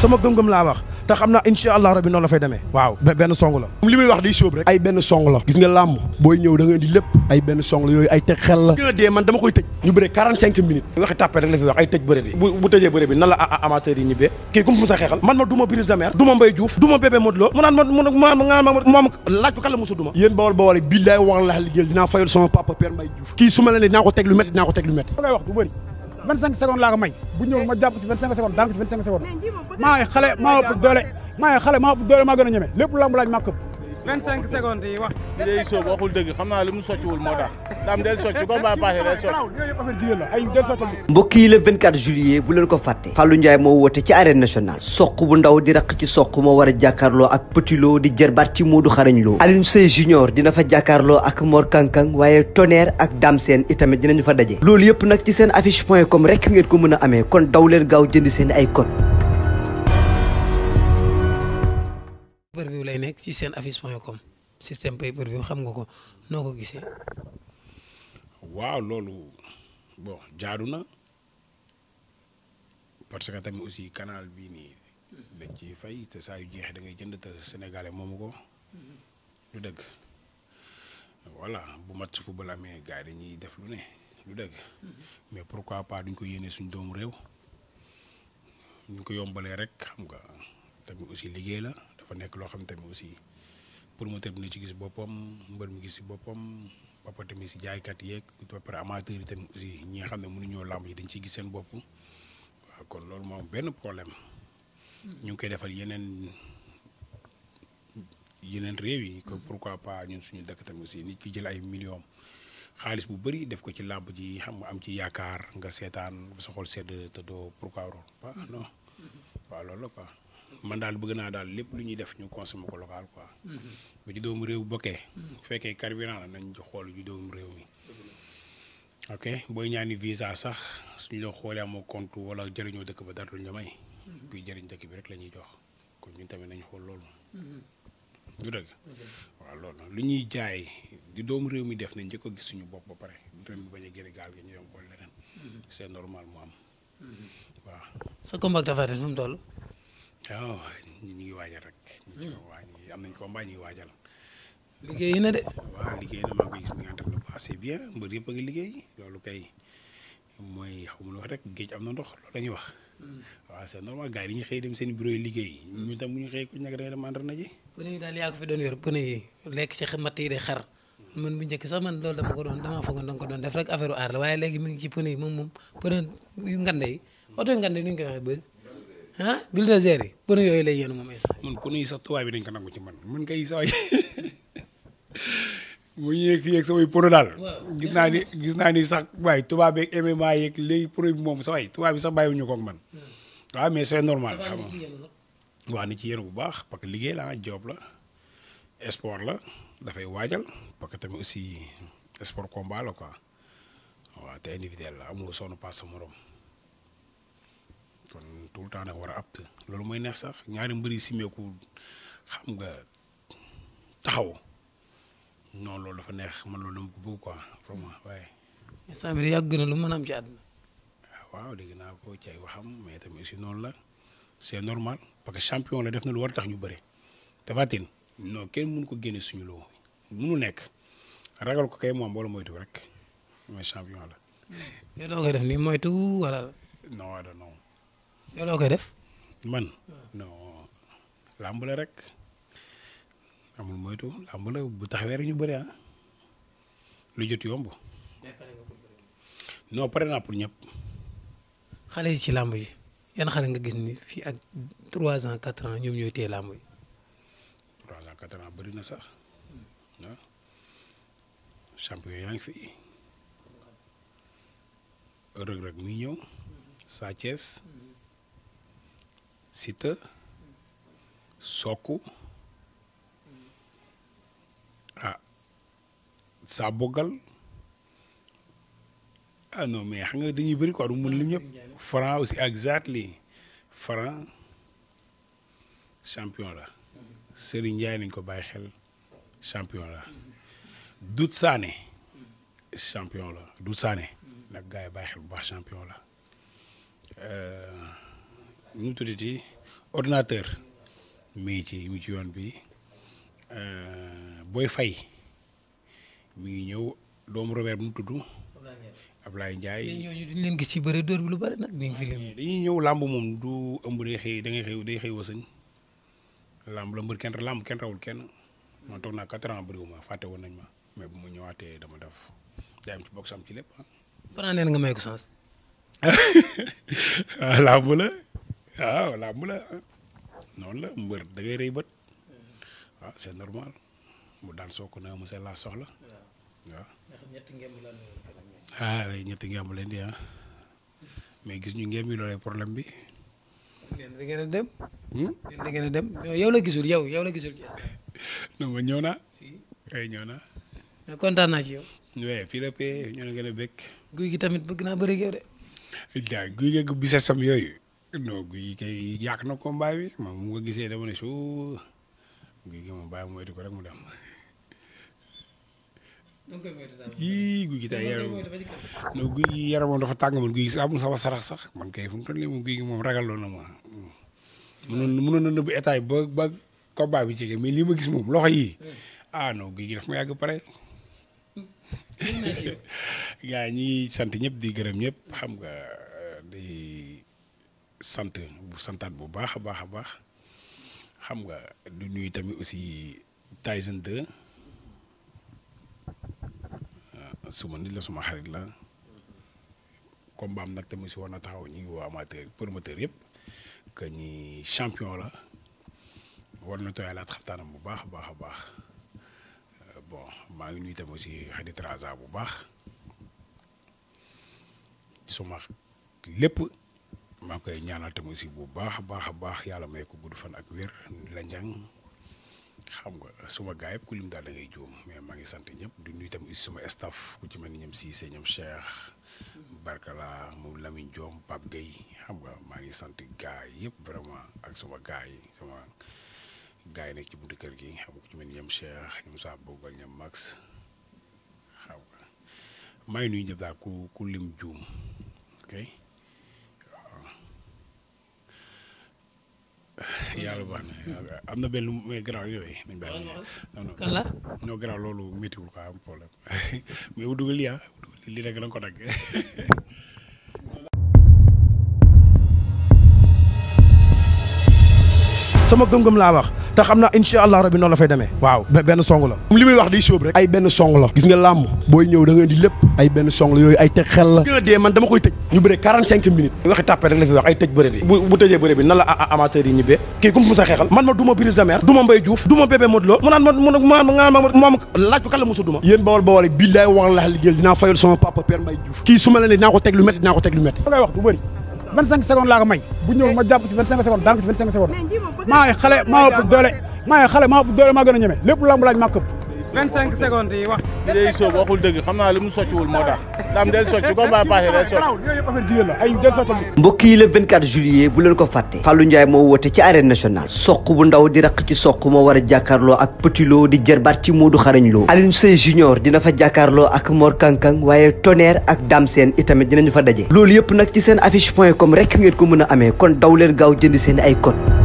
sama gëm-gëm laa wax te xam naa incha allah rabi noonu la fay demee waaw benn song la li muy wax di sóob rek ay benn song la gis nga làmb booy ñëw da nga lépp ay benn song la yooyu ay teg xel la gën a dee man dama koy tëj ñu bëree 45 minutes waxi tàppe rek la fi wax ay tëj bëre bi bu tëjee bëre bi nan la amateur yi ñibbee kii kum musa xeexal man ma duma Brise de Mer duma Mbaye Diouf duma bébé Modou Lo ma mu naan ma moom laaj ko kan la musa duma yéen bawal bawal billaay wax la dinaa fayal sama papa Père 25 secondes laa ko may bu ñëw ma jàpp ci 25 secondes daan ko ci 25 secondes maa ngi xale maa ëpp doole maa ngi xale maa ëpp doole maa gën a ñeme lépp lamb laaj maa këpp 25 secondes yi wax. li day sóob waxul mu socciwul moo tax daam del socc comme ba passé mbokk yi le 24 juillet bu leen ko fàtte. Fallou Ndiaye moo woote ci arène nationale. soq bu ndaw di raq ci soq moo war a jàkkaarloo ak Petit di di jërbaat ci moo Modou Xarañ Lo. Alioune Seye junior dina fa jàkkaarloo ak moor kankan waaye Tonnerre ak Dame Sène itamit dinañu fa daje. loolu yëpp nag ci seen affice point comme rek ngeen ko mën a amee kon daw leen gaaw jënd seen ay code. per view lay nekk ci seen affiche point com système pay per view xam nga ko noo ko gisee. waaw loolu bon jaadu na parce que tamit aussi kanaal bii nii dañ ciy fay te saa yu jeexee dangay ngay jënd te sénégalais moomu ko lu mm-hmm. dëgg voilà bu mat su football amee gars yi dañuy def lu ne lu dëgg mm-hmm. mais pourquoi pas duñ ko yéene suñ doomu réew ñu ko yombalee rek xam nga tamit aussi liggéey la. dafa nekk loo xam tamit aussi pour promoteur bi na ci gis boppam mbër mu gis si boppam ba pare tamit si jaaykat yeeg ba pare amateur yi tamit aussi ñi nga xam ne mënuñoo làmb yi dañ ciy gis seen bopp kon loolu moom benn problème hmm. ñu ngi koy defal yeneen yeneen réew yi que hmm. pourquoi pas ñun suñu dëkk tamit aussi nit ki jël ay million xaalis bu bëri def ko ci làmb ji xam nga am ci yaakaar nga seetaan ba sa xol sedd te doo pourquoi pas non hmm. waaw loolu la man daal bëgg naa daal lépp lu ñuy def ñu consommer ko local quoi. Mm-hmm. bu ci doomu réew bokkee. Mm-hmm. bu fekkee carburant la nañ xool ju doomu réew mi. Mm-hmm. ok booy ñaani visa sax suñu loo xoolee amoo compte wala jariñoo dëkk ba dara duñ la may. kuy bi rek la ñuy jox kon ñun tamit nañ xool loolu. du dëgg waaw loolu lu ñuy jaay di doomu réew mi def nañ njëkk a gis suñu bopp ba pare réew mi bañ a génne gaal gi ñu dem xool leneen. c'est normal mu am. waaw. sa combat Tapha Tine fi mu waaw ñu ngi waajal rek. ñu ngi waaj am ñu ngi waajal. liggéey na de. waaw liggéey na maa ngi gis ñu ngi entraîné a ngi liggéey loolu kay mooy xaw ma wax rek na ndox loolu wax. Hmm. waaw c'est normal gars yi dañuy xëy dem seen bureau yi liggéey. Hmm. ñu tam bu ñu xëyee ku nekk da nga dem entraîné ji. pneu yi daal yaa ko fi ko doon damaa foogoon danga ko doon def rek affaire aar la waaye léegi mi ngi ci pneu yi moom moom pneu yu ngande yi oto yu ngande yi ñu koy waxee ah bulldozer yi pneu yooyu lay yenu moom instant. man pneu yi sax tubaab bi dañ ko nangu ci man man kay saa yi mu yéeg fii ak samay naa ni gis naa ni sax waaye tubaab beeg MMA yeeg tubaab bi sax bàyyiwuñu ko man. Hmm. waaw mais c'est normal. waa ni ci yéen bu baax parce que liggéey la ah job la sport la dafay waajal parce tamit aussi sport combat la quoi waaw te individuel la amul sonn paas sa morom. kon tout le temps da war a loolu mooy neex sax ñaari mbëri simeeku xam nga taxaw non loolu dafa neex man loolu dama ko bëgg quoi vraiment waaye. instant bi yàgg na lu mën a ci àdduna. waaw dégg naa ko ci ay waxam mais tamit aussi noonu la c'est normal parce que champion la def na lu war tax ñu bëre Tapha Tine kenn mënu ko génne suñu loo mënu nekk ragal ko kay moom wala moytu rek mais champion la. yow yow loo koy def. man non làmb rek amul moytu bu taxawee ñu bëri ah. lu jot yomb. non pare naa pour ñëpp. xale yi ci làmb yi yan xale nga gis ni fii ak trois ans quatre ans ñoom ñooy téye làmb trois ans quatre ans bëri na sax hmm. waaw champion yaa ngi fi hmm. rëg-rëg muy ñëw hmm. Siteu Sokku ah saa boggal ah non mais xam nga dañuy bëri quoi du mën lim ñëpp Franc aussi exactly Franc champion la Serigne Ndiaye nañ ko bàyyi xel champion la Dout Sané champion la Dout Sané nag gars yi xel bu baax champion la euh, ñu mu tuddati ordinateur mi ngi ci mi ci yoon bi euh, booy fay mi ngi ñëw doomu Robert bu mu tudd Ablaye Ndiaye. mais ñooñu dañ leen gis ci bëri dóor bi lu bëri nag. ni fi dañuy ñëw làmb moom du ëmb day xëy da ngay xëy day xëy wasañ làmb la kenn làmb kenn rawul kenn man toog naa quatre ans bëriwuma fàtte woon nañ ma mais bu mu ñëwaatee dama def day am ci bokk sam ci lépp ah. nga may waaw ah, làmb la ah. noonu la mbër dangay ngay rëy bët waaw ah, c'est normal mu daan soog na monsieur la soxla waaw. ñetti ngemb la ah ñetti ngemb leen di ah mais gis ñu ngemb yi loolu problème bi. yéen da ngeen dem. Hmm? da ngeen dem yow la gisul yow yow la gisul. non ma ñëw naa. si ay ñëw naa. kontaan naa ci yow. oui fii la paie ñu ne gën a bëgg. guy gi tamit bëgg naa bëri ak yow de. jaay guy gi bisesam yooyu. non guy kay yàq na combat bi man mu nga gisee dama ne suu guy gi moom bàyyi mu moytu ko rek mu dem. donc guy gi tey yaram no guy gi yaram moom sax amul mu moom guy na ma. mënoon mënoon na nëbbu état ba ba combat bi jege mais lii ma gis moom loxo yi hmm. ah non guy gi daf ma yàgg pare. Hmm. gars ñi sant ñëpp di gërëm ñëpp xam nga sant bu santaat bu baax a baax a baax xam nga du nuyu tamit aussi Tyson 2 ah, suma nit la suma xarit la combat am nag tamit si war na taxaw ñu ngi woo amateur promoteur yëpp que ñi champion la war na tooyalaat xaftaanam bu baax a baax a baax euh, bon maa ngi nuyu tamit aussi xarit Raza bu baax suma lépp. maa ngi koy ñaanal tam aussi bu baax a baax a baax yàlla may ko gudd fan ak wér la xam nga suma gaa yëpp ku lim daal da ngay juum mais maa ngi sant ñëpp di nuyu tam aussi suma staff ku ci ni ñoom Cissé ñoom Cheikh Barkala moom Lamine Diom Pape maa ngi sant gaay yëpp vraiment ak suma gaa sama gaay yi nekk ci buntu kër gi xam nga ku ci mel ni ñoom Cheikh ñoom Sa Bogo ak Max xam nga maa ngi nuyu daal ku lim juum ok. yàlla bu baax am na benn mais garaaw yooyu. non non kan la. non loolu méttiwul quoi am problème mais bu dugal lii ah lii rek la ko dagg. sama gëm-gëm laa wax. te xam naa incha allah rabi noonu la fay demee waaw benn song la li muy wax day sóob rek ay benn song gis nga làmb booy ñëw da nga lépp ay benn song yooyu ay teg xel la a dee man dama koy tëj ñu bëre 45 minutes waxi tàppe rek la fi wax ay tëj bëre bi bu tëjee bëre bi nan la amateur yi ñibbee kii ku mu sa xeexal man ma duma Brise ko kan la musa duma ko teg lu métti dinaa ko teg lu métti ngay ko may bu ñëw ma ko ci 25 secondes maay xale maa ëpp doole maay xale maa ëpp doole maa gën lépp lamb laaj maa këpp. 25 dëgg xam naa lu mu socciwul moo tax daam del mbokk yi le 24 juillet bu leen ko fàtte. Fallou Ndiaye moo wote ci arène national soq bu ndaw di raq ci soq moo war a jàkkaarloo ak Petit Lo di jërbaat ci Modou Xarañ Lo. Alioune Seye Junior dina fa jàkkaarloo ak Mor Kankang waaye Tonnerre ak Dame Sène itamit dinañu fa daje. loolu yëpp nag ci seen affiche point com rek ngeen ko mën a amee kon daw leen gaaw jënd seen ay code.